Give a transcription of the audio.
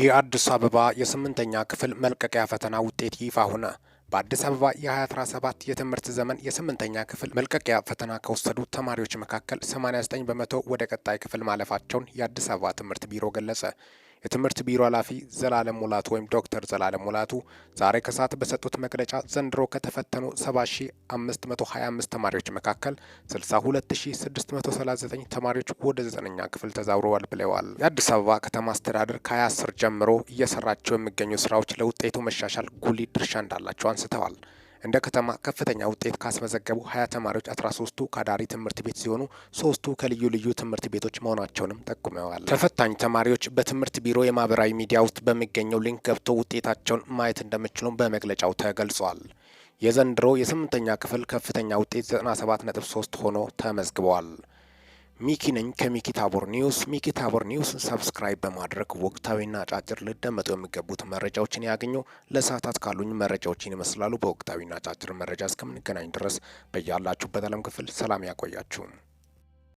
የአዲስ አበባ የስምንተኛ ክፍል መልቀቂያ ፈተና ውጤት ይፋ ሆነ። በአዲስ አበባ የ2017 የትምህርት ዘመን የስምንተኛ ክፍል መልቀቂያ ፈተና ከወሰዱ ተማሪዎች መካከል 89 በመቶ ወደ ቀጣይ ክፍል ማለፋቸውን የአዲስ አበባ ትምህርት ቢሮ ገለጸ። የትምህርት ቢሮ ኃላፊ ዘላለም ሙላቱ ወይም ዶክተር ዘላለም ሙላቱ ዛሬ ከሰዓት በሰጡት መግለጫ ዘንድሮ ከተፈተኑ 7525 ተማሪዎች መካከል 62639 ተማሪዎች ወደ ዘጠነኛ ክፍል ተዛውረዋል ብለዋል። የአዲስ አበባ ከተማ አስተዳደር ከ2010 ጀምሮ እየሰራቸው የሚገኙ ስራዎች ለውጤቱ መሻሻል ጉልህ ድርሻ እንዳላቸው አንስተዋል። እንደ ከተማ ከፍተኛ ውጤት ካስመዘገቡ ሀያ ተማሪዎች አስራ ሶስቱ ከአዳሪ ትምህርት ቤት ሲሆኑ ሶስቱ ከልዩ ልዩ ትምህርት ቤቶች መሆናቸውንም ጠቁመዋል። ተፈታኝ ተማሪዎች በትምህርት ቢሮ የማህበራዊ ሚዲያ ውስጥ በሚገኘው ሊንክ ገብተው ውጤታቸውን ማየት እንደሚችሉም በመግለጫው ተገልጿል። የዘንድሮ የስምንተኛ ክፍል ከፍተኛ ውጤት 97.3 ሆኖ ተመዝግበዋል። ሚኪ ነኝ ከሚኪ ታቦር ኒውስ። ሚኪ ታቦር ኒውስን ሰብስክራይብ በማድረግ ወቅታዊና አጫጭር ልደመጡ የሚገቡት መረጃዎችን ያገኙ። ለሰዓታት ካሉኝ መረጃዎችን ይመስላሉ። በወቅታዊና አጫጭር መረጃ እስከምንገናኝ ድረስ በያላችሁበት ዓለም ክፍል ሰላም ያቆያችሁ።